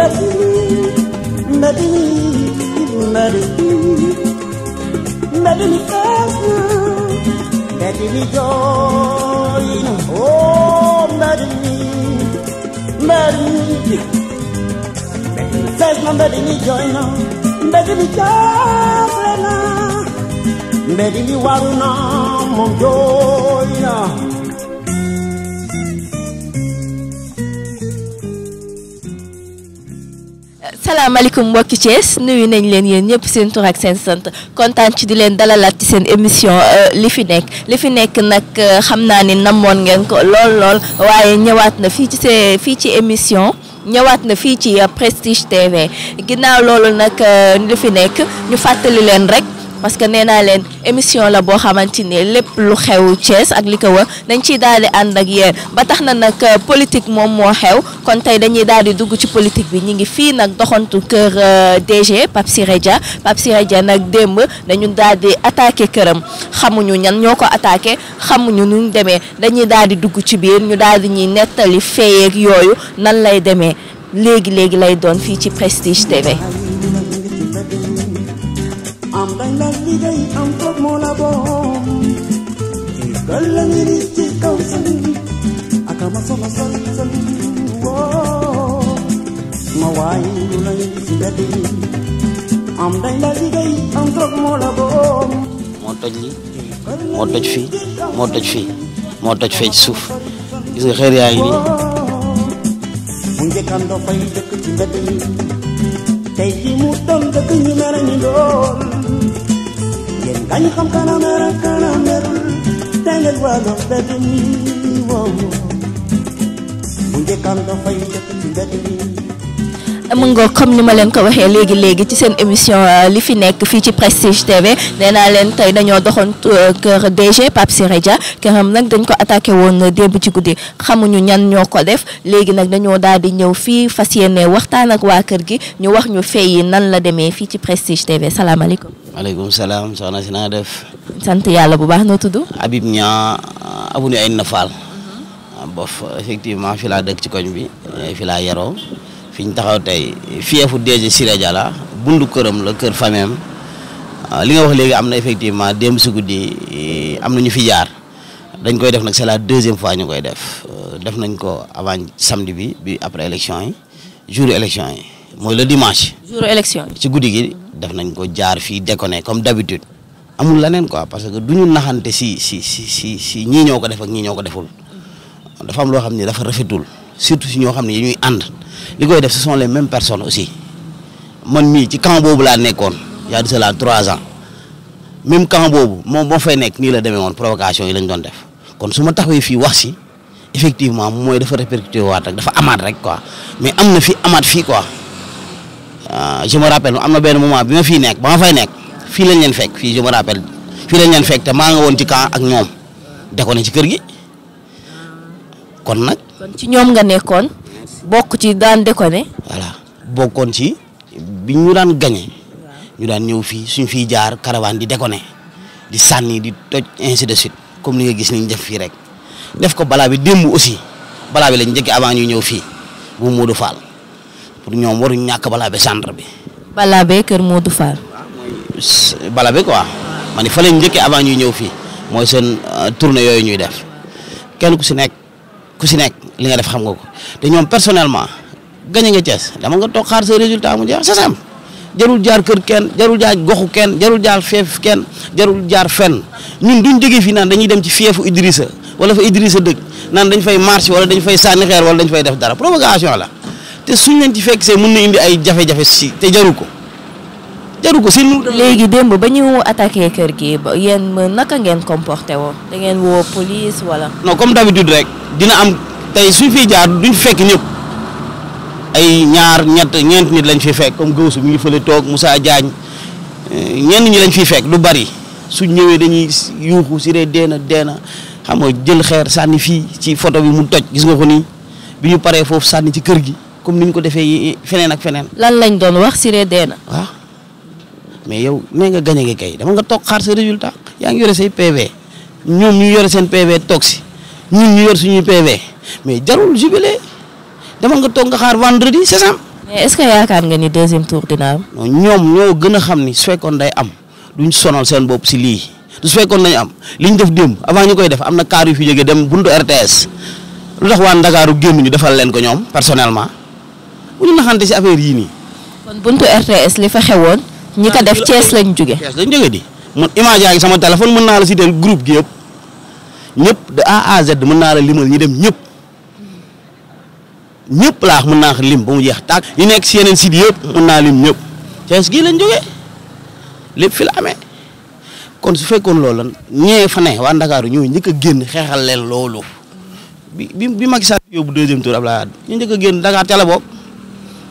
Madini, Madini, Madini, Madini Fasu, Madini Join, oh Madini, Madini, Madini Fasu, Madini Join, Madini Join, Madini Waruna, Monjoina. salaamaaleykum mbokki Thiès nuyu nañ leen yéen ñëpp seen tur seen sant kontaan ci di leen dalalaat ci seen émission euh, li fi nekk li fi nekk nag euh, xam naa ni namoon ngeen ko lool lool waaye ñëwaat na fii ci see fii ci émission ñëwaat na fii ci euh, Prestige TV ginnaaw loolu nag li fi nekk ñu fàttali leen rek. parce que nee naa leen émission la boo xamante ne lépp lu xew Thiès ak li ko wër dañ ciy daal di ànd ak yéen ba tax na nag euh, politique moom moo xew kon tey dañuy daal di dugg ci politique bi ñu ngi fii nag doxantu kër euh, DG Pape Siré Dia Pape Dia nag démb dañu daal di attaqué këram xamuñu ñan ñoo ko attaqué xamuñu nuñ demee dañuy daal di dugg ci biir ñu daal di ñuy nettali feeyeeg yooyu nan lay demee léegi léegi lay doon fii ci Prestige TV. am dein Lass wie dich am Tropmolabo. Die Gölle mir ist die Kausen, akama sola sol sol. Mawai nulai sidati, am dein Lass wie dich am Tropmolabo. moo toj li moo toj fii moo toj fii moo toj fee ci suuf gis nga xeer yaa ngi nii. bu njëkkaan doo fay dëkk ci mbedd yi tey ji mu doon dëkk ñu ñu lool. dañu xam a ak kanameerul te ngeen wàllu mbedd mi wow mu njëkkaan nga fay njëkk ci mbedd mi mu ngoo comme ni ma leen ko waxee léegi léegi ci seen émission euh, li fi nekk fii ci Prestige TV nee naa leen tey dañoo doxoon euh, kër DG Pape Siré Dia këram nag dañ ko attaqué woon démb ci guddi xamuñu ñan ñoo ko def léegi nag dañoo daal di ñëw fii fas yéene waxtaan ak waa kër gi ñu wax ñu fee nan la demee fii ci Prestige TV salaamaaleykum. maaleykum salaam soxna si naa def. sant yàlla bu baax noo tudd. Habib Niang euh, avenue ay Fall. Mhm. bof effectivement fi laa dëkk ci koñ bi fi laa fi ñu taxaw tey fiefu DG Siré Dia la bundu këram la kër fameem ah, li nga wax léegi am na effectivement démb si guddi eh, am na ñu fi jaar dañ koy def nag c'est la deuxième fois ñu koy def euh, def nañ ko avant samedi bi après élection yi jour élection yi mooy le dimanche. jour ci guddi gi def nañ ko jaar fii déconné comme d'habitude amul leneen quoi parce que du ñu naxante si si si si si ñii ñoo ko def ak ñii ñoo ko deful dafa loo xam ni dafa rafetul. surtout si nous avons ñuy ce sont les mêmes personnes aussi mon je ci camp il y a de cela trois ans même camp mon moom moo je la provocation yi lañ doon def kon su effectivement je dafa répercuté quoi mais il ah, je me rappelle y ben un moment je me rappelle Je lañ leen fekk te camp kon ci ñoom nga nekkoon bokk ci daan déconné. voilà bokkoon ci bi ñu daan gañe ñu daan ñëw fii suñ fii jaar caravane di déconné di sànni di toj ainsi de suite comme ni nga gis ni ñu def fii rek def ko balaa bi démb aussi balaa bi lañ njëkk avant ñuy ñëw fii bu Modou Fall pour ñoom waruñ ñàkk balaa bi centre bi. balaa bee kër Modou Fall. balaa bi quoi ma fa lañ njëkkee avant ñuy ñëw fii mooy seen euh, tournée yooyu ñuy def kenn ku si nekk. ku si nekk li nga def xam nga ko te ñoom personnellement gañe nga Thiès dama nga toog xaar say résultat mu jeex c'est simple jarul jaar kër kenn jarul jaar goxu kenn jarul jaar feef kenn jarul jaar fenn ñun duñ jógee fii naan dañuy dem ci feefu Idrissa wala fa Idrissa dëkk naan dañ fay marché wala dañ fay sànni xeer wala dañ fay def dara propagation la te suñ leen ci fekk see mën na indi ay jafe-jafe si te jaru ko jaru ya, ko sinu legi démb ba ñu attaquer kër gi ba yeen yéen naka ngeen comporté wo da ngeen wo police wala non comme d'habitude rek dina am tay su fi jaar duñ fekk ñep ay ñaar ñett ñent nit lañ fi fekk comme gawsu mi ngi feulé tok Moussa Diagne eh, ñen ñi lañ fi fekk du bari su ñëwé dañuy yuxu ci ré déna déna xam jël xéer sanni fi ci photo bi mu toj gis nga ko ni bi ñu paré fofu sanni ci kër gi comme niñ ko défé fenen ak fenen lan lañ doon wax ci ré déna waaw mais yow nee nga gagné kay dama nga tok xaar sa résultat ya nga yoré say PV ñoom ñu yoré sen PV tok si ñun ñu yor suñu PV mais jarul jubilé dama nga tok nga xaar vendredi c'est ça. mais est ce que yaakaar nga ni deuxième tour dina am. ñom ñoo gëna a xam ni su fekkoon day am duñ sonal sen bop si li du su fekkoon am liñ def dem avant ñukoy def am car yu fi jëgé dem buntu RTS lu tax wa Ndakaaru gëm ñu defal leen ko ñom personnellement buñu naxanté ci affaire yi ni kon buntu RTS li fa xewon ñi ko def Thiès lañ jóge Thiès di man image yaa ngi sama téléphone mën naa la si dem groupe gi yëpp ñëpp de A à Z mën naa la limal ñu dem ñëpp ñëpp laax mën naa ko lim ba mu jeex tàkk yi nekk si yeneen site yëpp mën naa lim ñëpp Thiès gii lañ jógee lépp fi amee kon su fekkoon loolu ñee fa ne waa Ndakaaru ñoo njëkk génn xeexal leen loolu bi bi bi Macky Sall yóbbu deuxième tour Abdoulaye ñu njëkk génn Dakar ca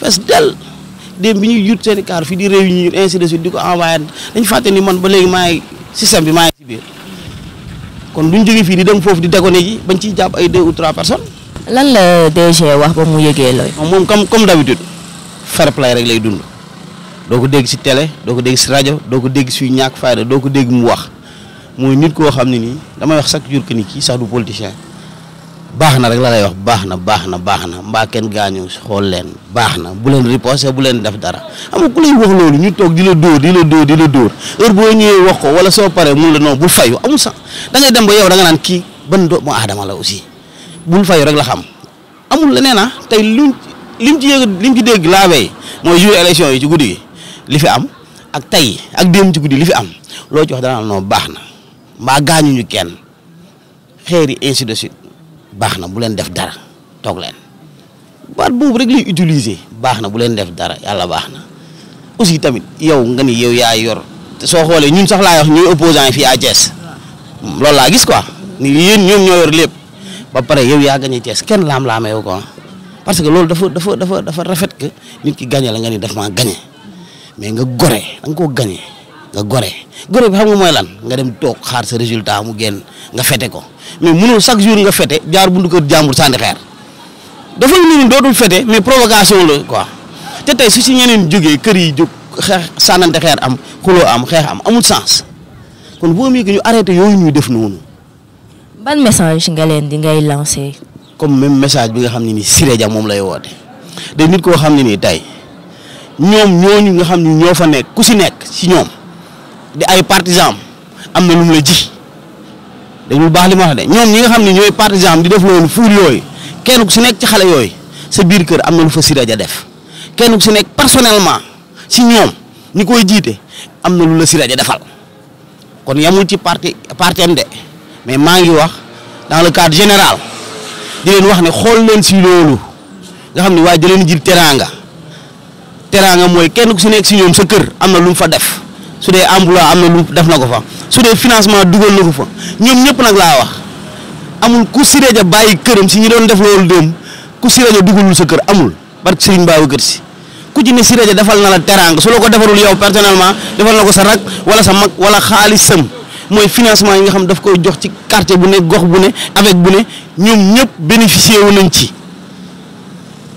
fes del dem biñu ñuy jut seen carte fi di réunir ainsi de suite diko envoyer dañ faté ni man ba légui may système bi may ci biir kon duñ jëgé fi di dem fofu di dégoné ji bañ ci japp ay deux ou trois personnes lan la DG wax ba mu yégué loy mom comme comme d'habitude fair play rek lay dund doko dégg ci télé doko dégg ci radio doko dégg ci ñak faara doko dégg mu wax moy nit ko xamni ni dama wax chaque jour que ni ki sax du politicien baax na rek la lay wax baax na baax na baax na mbaa kenn gaañu xool leen baax na bu leen riposé bu leen def dara amul ku lay wax loolu ñu toog di la dóor di la dóor di la dóor heure boo ñëwee wax ko wala soo paree mun la non bul fayu amul sax da ngay dem ba yow da nga naan kii ban doomu aadama la aussi bul fayu rek la xam amul leneen ah tey luñ lim ci yëg lim ci dégg laa wey mooy jour élection yi ci guddi gi li fi am ak tey ak démb ci guddi li fi am loo ci wax dana non baax na mbaa gaañuñu kenn xeer yi ainsi de suite baxna bu len def dara tok len bat bobu rek lay utiliser baxna bu len def dara yalla baxna aussi tamit yow nga ni yow ya yor so xoolee ñun sax la wax ñuy opposant fi a à lool la gis quoi ni yeen ñom ñoyor lepp ba pare yow ya gagné Thiès ken lam lamé yow ko parce que lool dafa dafa dafa dafa rafet que nit ki gagné la nga ni daf maa gagné mais nga gore nga ko gagné nga gore gore bi xam nga mooy lan nga dem toog xaar sa résultat mu génn nga fete ko mais mënoo chaque jour nga fete jaar buntu kër jàmbur sànni xeer dafa ñu dootul fete mais provocation la quoi te tey su si ñeneen jógee kër yi jóg xeex sànnante xeer am xuloo am xeex am amul sens kon boo amee ñu arrêté yooyu ñuy def noonu. ban message nga leen di ngay lancé. comme même message bi nga xam ne nii Siré Dia moom lay woote day nit koo xam ne nii tey ñoom ñooñu nga xam ñoo fa nekk ku si nekk si ñoom. di ay partisan am na lu mu la ji dañu baax li ma wax de ñoom ñi nga xam ne ñooy partisan di def loolu fuur yooyu kenn ku si nekk ci xale yooyu sa biir kër am na lu fa Siré a def kenn ku si nekk personnellement si ñoom ñi koy jiite am na lu la Siré Dia defal kon yamul ci parti parti de mais maa ngi wax dans le cadre général di leen wax ne xool leen si loolu nga xam ne waaye da leen jib teraanga teraanga mooy kenn ku si nekk si ñoom sa kër am na lu mu fa def su dee emploi am na lu def na ko fa su dee financement dugal na ko fa ñoom ñëpp nag laa wax amul ku Siré Dia bàyyi këram si ñu doon def loolu démb ku Siré Dia dugalul sa kër amul barke Serigne Babacar Sy ku ci ne Siré Dia defal na la teraanga su la ko defarul yow personnellement defal na ko sa rak wala sa mag wala xaalisam mooy financement yi nga xam daf koy jox ci quartier bu ne gox bu ne avec bu ne ñoom ñëpp bénéficier wu nañ ci.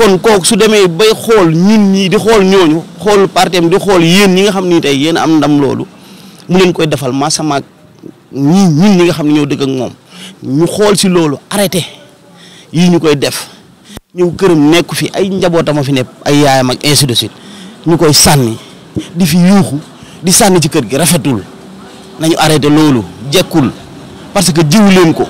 kon kooku su demee bay xol nit ñi di xol ñooñu xol partem di xol yeen ñi nga xamni ni yeen am ndam loolu mu leen koy defal sama ñi ñun ñi nga xamni ñoo deug ak mom ñu xol si loolu arrêté yi ñu koy def ñu këram nekk fi ay njabootama fi ne ay yaayam ak ainsi de suite ñu koy di fi yuxu di sanni ci kër gi rafetul nañu arrêté loolu jekul parce que jiw leen ko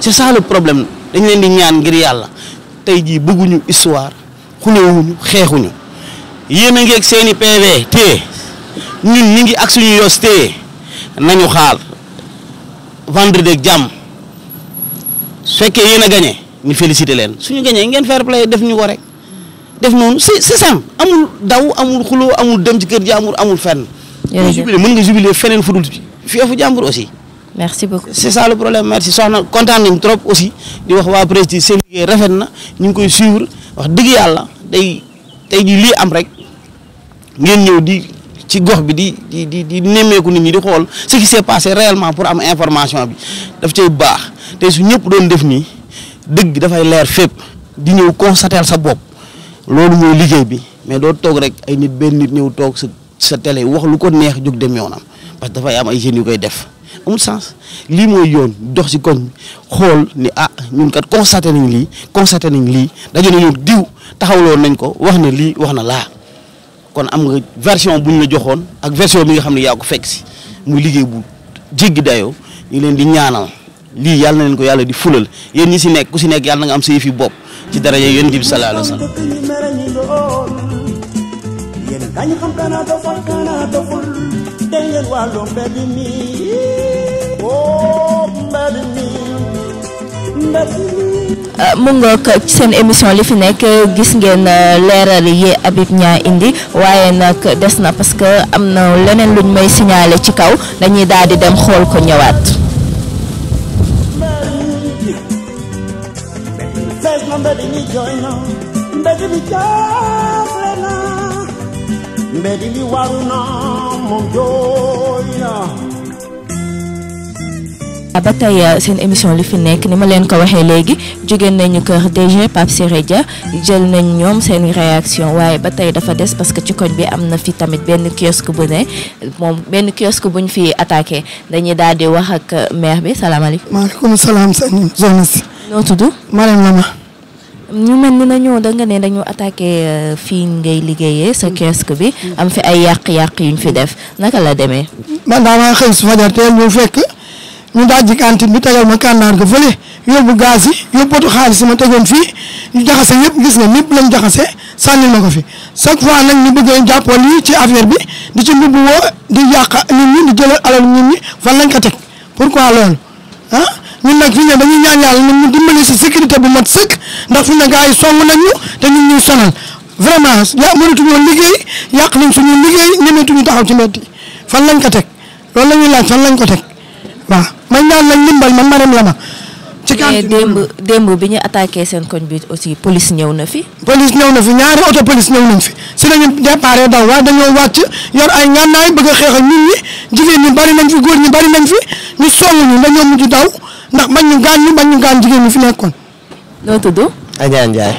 c'est ça le problème dañ leen di ñaan ngir yalla tey jii bëgguñu histoire xulewuñu xeexuñu yéen a ngi ak seen i PV téye ñun ñu ngi ak suñu yos téye nañu xaal vendredi ak jàmm su fekkee yéen a ñu félicité leen suñu gañee ngeen fer play def ñu ko rek def noonu c'est c'est simple amul daw amul xuloo amul dem ci kër ji amul amul fenn. mën nga jubilee mën nga jubilee feneen fudul fii fu jàmbur aussi. merci beaucoup c'est ça le problème merci soxna kontaan nañ trop aussi di wax waa Prestige seen liggéey rafet na ñu ngi koy suivre wax dëgg yàlla day tey jii lii am rek ngeen ñëw di ci gox bi di di di di nemmeeku nit ñi di xool ce qui s'est passé réellement pour am information bi daf cay baax tey su ñëpp doon def nii dëgg dafay leer fépp di ñëw constater sa sa bopp loolu mooy liggéey bi mais doo toog rek ay nit benn nit ñëw toog sa sa télé wax lu ko neex jóg dem yoonam parce que dafay am ay jeunes yu koy def. amul sens lii mooy yoon dox si koñ xool ni ah ñun kat constaté nañ lii constaté nañ lii daje nañu diw taxawloon nañ ko wax na lii wax na laa kon am nga version bu ñu la joxoon ak version bi nga xam ne yaa ko fekk si muy liggéey bu jéggi dayoo ñu leen di ñaanal lii yàlla na ko yàlla di fulal yéen ñi si nekk ku si nekk yàlla na nga am sa fi yu bopp ci dara yooyu yéen di sallallahu alayhi wasallam dañu dégg ngeen oh, euh, mu ngoog seen émission li fi nekk gis ngeen euh, leeral yi Habib Niang indi waaye nag des na parce que am na leneen luñ may signaler ci kaw dañuy daal dem xool ko ñëwaat. mbedd ah, ba tey ah, seen émission li fi nekk ni ma leen ko waxee léegi jóge nañu kër DG Pape Siré Dia jël nañ ñoom seen réaction waaye ba tey dafa des parce que ci koñ bi am na fi tamit benn kiosque bu ne moom benn kiosque buñ fi attaqué dañuy daal di wax ak euh, maire bi salaamaaleykum. maaleykum salaam sëñ bi noo tudd. Marème Lama. ñu mel ni nañoo da nga ne dañoo attaqué euh, fii ngay liggéeyee sa kiosque bi am fi ay yàq-yàq yuñ fi def naka la demee. man daa maa xëy su fajar teel ñu fekk ñu daaj ji cantine bi tegal ma kànnaar ga fële yóbbu gaz yi yóbbatu xaalis yi ma tegoon fii ñu jaxase yëpp gis na ñëpp lañ jaxase sànni ma ko fi chaque fois nag ñu bëgg jàppoon jàppoo ci affaire bi di ci mbubb woo di yàq nit ñi di jëlal alal nit ñi fan lañ ko teg pourquoi loolu ah. ñun nag fi ne dañuy ñaan yàlla ñun ñu dimbali si sécurité bu mat sëkk ndax fi ne gars yi song nañ ñu te ñun ñuy sonal vraiment ya mënatuñu woon liggéey yàq nañ suñu liggéey ñemeetuñu taxaw ci mbedd fan lañ ko teg loolu la ñuy laaj fan lañ ko teg waaw man ñaan lañ limbal man maram la ma. ci kàddu eh, démb démb bi ñu attaqué seen koñ bi aussi police ñëw na fi. police ñëw na fi ñaari auto police ñëw nañ fi si la ñu déparé daw waaye dañoo wàcc yor ay ngànnaay bëgg a xeexal nit ñi jigéen ñi bari nañ fi góor ñi bari nañ fi ñu song ñu dañoo mujj daw. ndax bañ ñu gaañ ñu bañ ñu gaañ jigéen fi nekkoon. loo tudd. Adja Ndiaye.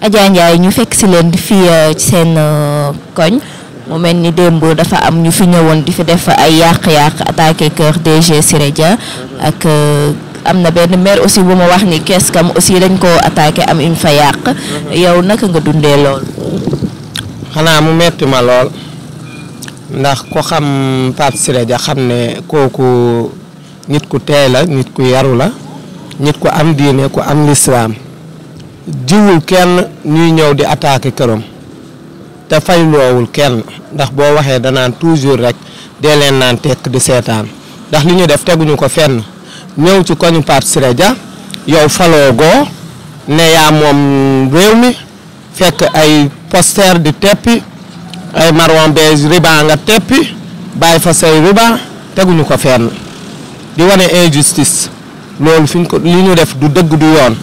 Adja ñu fekk si leen fii euh, ci seen euh, koñ mu mel ni démb dafa am ñu fi ñëwoon di fi def ay yàq-yàq attaqué kër si Siré Dia ak euh, am na benn maire aussi bu ma wax ni kees kam aussi dañ koo attaqué am une fa yàq. yow naka nga dundee lool. xanaa mu metti ma lool ndax ko xam Pape Siré Dia xam ne kooku. nit ku teey la nit ku yaru la nit ku am diine ku am lislaam jiwul kenn ñuy ñëw di attaqué këram te fay loowul kenn ndax boo waxee danaan toujours rek dee leen naan tekk di seetaan ndax li ñu def teguñu ko fenn ñëw ci koñu Pape Siré Dia yow faloo goo ne yaa moom réew mi fekk ay poster di teppi ay marron beige riba nga teppi bàyyi fa say riba teguñu ko fenn di wane injustice eh, loolu fiñ ko li ñu def du deug du yoon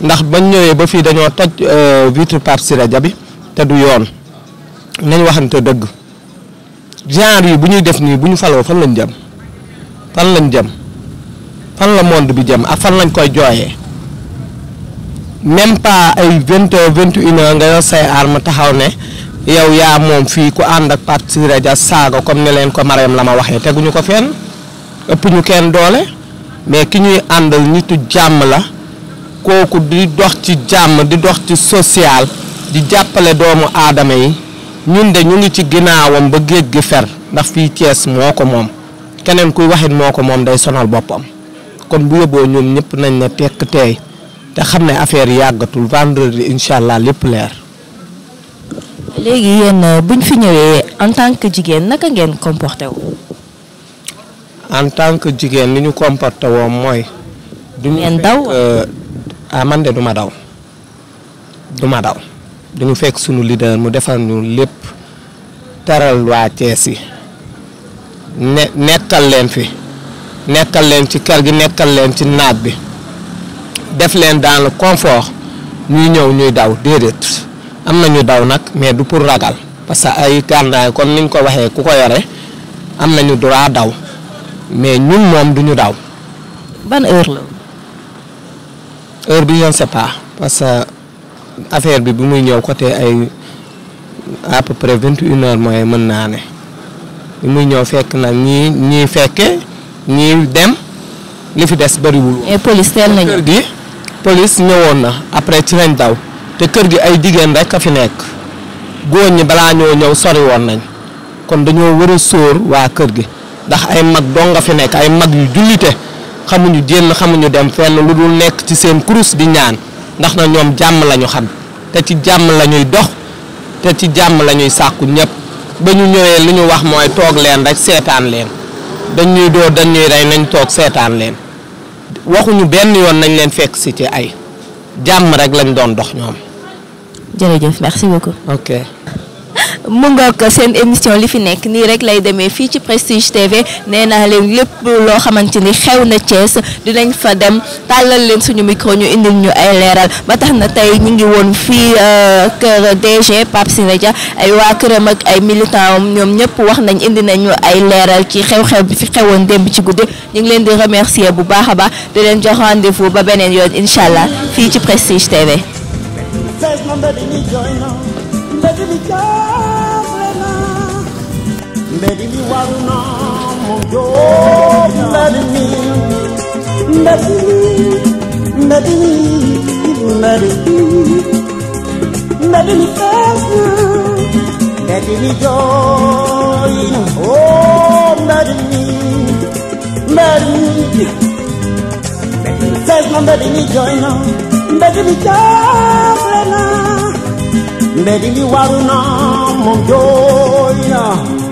ndax bañ ñëwé ba fii dañoo toj euh, vitre par sira jabi bi du yoon nañ waxante deug genre yi bu ñuy def ni bu ñu fan lañ jam fan lañ jam fan la monde bi jam ak fan lañ koy joyé même pas ay 20 heures nga say arme taxaw ne yow yaa mom fii ku and ak parti radio saga comme ne ko Marème lama waxé waxee ko fenn ëpp ñu kenn doole mais ki ñuy àndal nitu jàmm la kooku di dox ci jàmm di dox ci social di jàppale doomu aadama yi ñun de ñu ngi ci ginnaawam ba géej gi fer ndax fii Thiès moo ko moom keneen kuy waxit moo ko moom day sonal boppam kon bu yóbboo ñoom ñëpp nañ ne tekk teey te xam ne affaire yàggatul vendredi incha allah lépp leer. léegi yéen buñ fi ñëwee en tant que jigéen naka ngeen comporté wu. en tant que jigéen li ñu comporté woon mooy. duñu ngeen daw euh, ah man de du ma daw du ma daw. duñu fekk sunu leader mu defal nu lépp teral waa Thiès yi nekkal leen fi nekkal leen ci kër gi nekkal leen ci naaj bi def leen dans le confort ñuy ñëw ñuy daw déedéet am na ñu daw nag mais du pour ragal parce que ay gànnaay kon niñ ko waxee ku ko yore am nañu droit daw. mais ñun moom du daw. ban heure la. heure bi on ne pas parce que affaire bi bu muy ñëw côté ay à peu près vingt et une heures mooy mën naa ne bi muy ñëw fekk na ñii ñii fekke ñi dem li fi des bëriwul. mais police teel nañu gi police ñëwoon na après ci lañ daw te kër gi ay jigéen rek a fi nekk góor ñi balaa ñoo ñëw sori woon nañ kon dañoo war a sóor waa kër gi. ndax ay mag dong nga fi nekk ay mag yu jullite xamuñu jénn xamuñu dem fenn lu dul nekk ci seen kurus di ñaan ndax na ñoom jàmm lañu ñu xam te ci jàmm la ñuy dox te ci jàmm la ñuy sàkku ñëpp ba ñu ñëwee li ñu wax mooy toog leen rek seetaan leen dañ ñuy dóor dañ rey nañ toog seetaan leen waxuñu benn yoon nañ leen fekk si ci ay jàmm rek lañ doon dox ñoom. jërëjëf merci beaucoup. ok. mu ngoog seen émission li fi nekk nii rek lay demee fii ci Prestige TV nee naa leen lépp loo xamante ni xew na Thiès dinañ fa dem tàllal leen suñu micro ñu indil ñu ay leeral ba tax na tey ñu ngi woon fii euh, kër DG Pape Siré Dia ay waa këram ak ay militant am ñoom ñëpp wax nañ indi nañu ay leeral ci xew-xew bi fi xewoon démb ci guddi ñu ngi leen di remercier bu baax a baax di leen jox rendez ba beneen yoon incha allah fii ci Prestige TV. Let me warn on, mon joy,